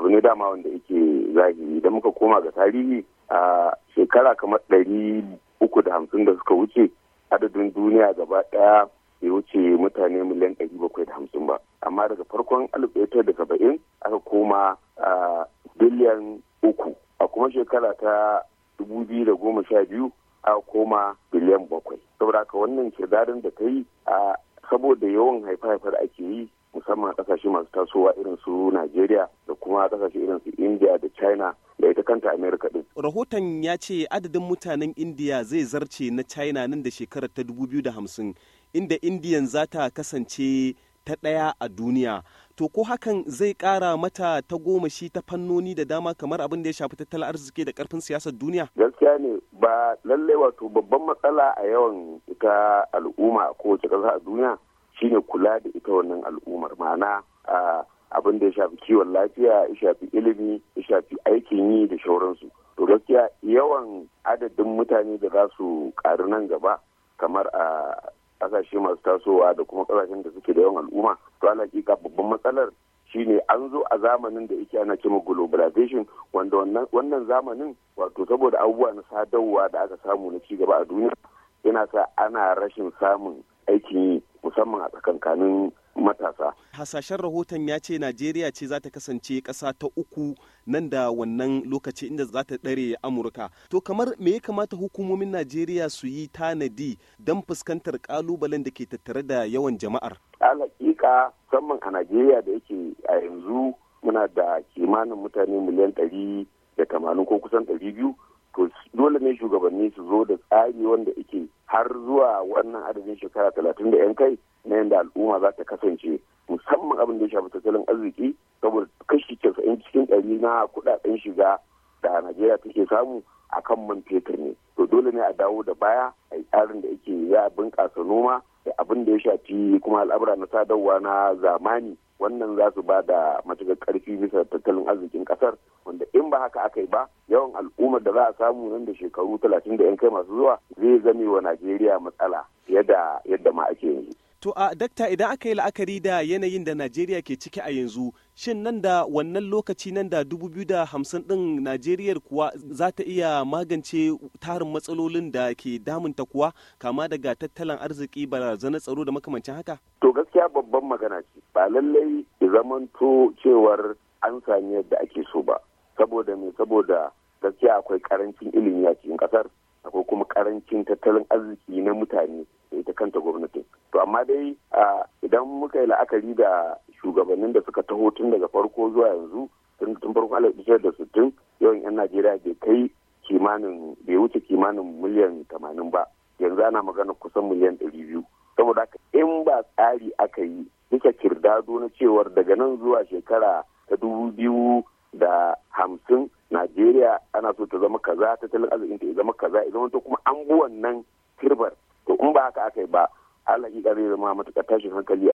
abu ne dama wanda yake zahiri idan muka koma ga tarihi a shekara kamar ɗari uku da hamsin da suka wuce adadin duniya gaba ɗaya ya wuce mutane miliyan ɗari bakwai da hamsin ba amma daga farkon alif ɗaya da saba'in aka koma a biliyan uku a kuma shekara ta dubu biyu da goma sha biyu aka koma biliyan bakwai saboda haka wannan kirdarin da ta yi a saboda yawan haifa-haifa da ake yi musamman kasashe masu tasowa irin su Najeriya da kuma kasashe irin su India da China da ita kanta America din. Rahoton ya ce adadin mutanen India zai zarce na China nan da shekarar ta 2050 inda Indiyan za ta kasance ta ɗaya a duniya. To ko hakan zai ƙara mata ta goma shi ta fannoni da dama kamar abin da ya shafi tattalin arziki da ƙarfin siyasar duniya? Gaskiya ne ba lallai wato babban matsala a yawan ita al'umma ko kowace ƙasa a duniya shine kula da ita wannan al'ummar ma'ana abin da ya shafi kiwon lafiya ya shafi ilimi ya shafi aikin yi da shauransu to gaskiya yawan adadin mutane da za su ƙaru nan gaba kamar a kasashe masu tasowa da kuma kasashen da suke da yawan al'umma to alaƙiƙa babban matsalar shine an zo a zamanin da yake ana kima globalization wanda wannan zamanin wato saboda abubuwa na sadarwa da aka samu na ci gaba a duniya yana sa ana rashin samun aikin yi musamman a tsakankanin matasa. Hasashen rahoton ya ce Najeriya ce za ta kasance ƙasa ta uku nan da wannan lokaci inda za ta ɗare Amurka. To kamar me ya kamata hukumomin Najeriya su yi tanadi don fuskantar kalubalen da ke tattare da yawan jama'ar? Alhaƙiƙa musamman a Najeriya da yake a yanzu muna da kimanin mutane miliyan ɗari da tamanin ko kusan ɗari biyu to dole ne shugabanni su zo da tsari wanda yake har zuwa wannan adadin shekara talatin da yan kai na yadda al'umma za ta kasance musamman abin da ya shafi tattalin arziki saboda kashi casa'in cikin ɗari na kuɗaɗen shiga da najeriya take samu a kan man fetur ne to dole ne a dawo da baya a yi tsarin da yake ya bunƙasa noma da abin da ya shafi kuma al'abra na sadarwa na zamani wannan za su ba da matukar ƙarfi bisa tattalin arzikin ƙasar wanda in ba haka aka yi ba yawan al'ummar da za a samu nan da shekaru talatin da 'yan kai masu zuwa zai zame wa najeriya matsala fiye da yadda ma ake yanzu To a dakta idan aka yi la'akari da yanayin da Najeriya ke ciki a yanzu, shin nan da wannan lokaci nan da hamsin din Najeriya kuwa za ta iya magance tarin matsalolin da ke damunta kuwa kama daga tattalin arziki barazana tsaro da makamancin haka? To gaskiya babban magana ce, ba lallai zamanto cewar an sami yadda ake so ba, saboda me saboda gaskiya akwai karancin ilimi a cikin kasar, akwai kuma karancin tattalin arziki na mutane da ita kanta gwamnatin. amma dai idan muka yi la'akari da shugabannin da suka taho tun daga farko zuwa yanzu tun farko alif da sittin yawan yan najeriya bai kai kimanin bai wuce kimanin miliyan tamanin ba yanzu ana magana kusan miliyan ɗari biyu saboda haka in ba tsari aka yi bisa kirdado na cewar daga nan zuwa shekara ta dubu biyu da hamsin najeriya ana so ta zama kaza tattalin arzikin ta zama kaza idan wata kuma an bi halin zai zama matuƙar tashin hankali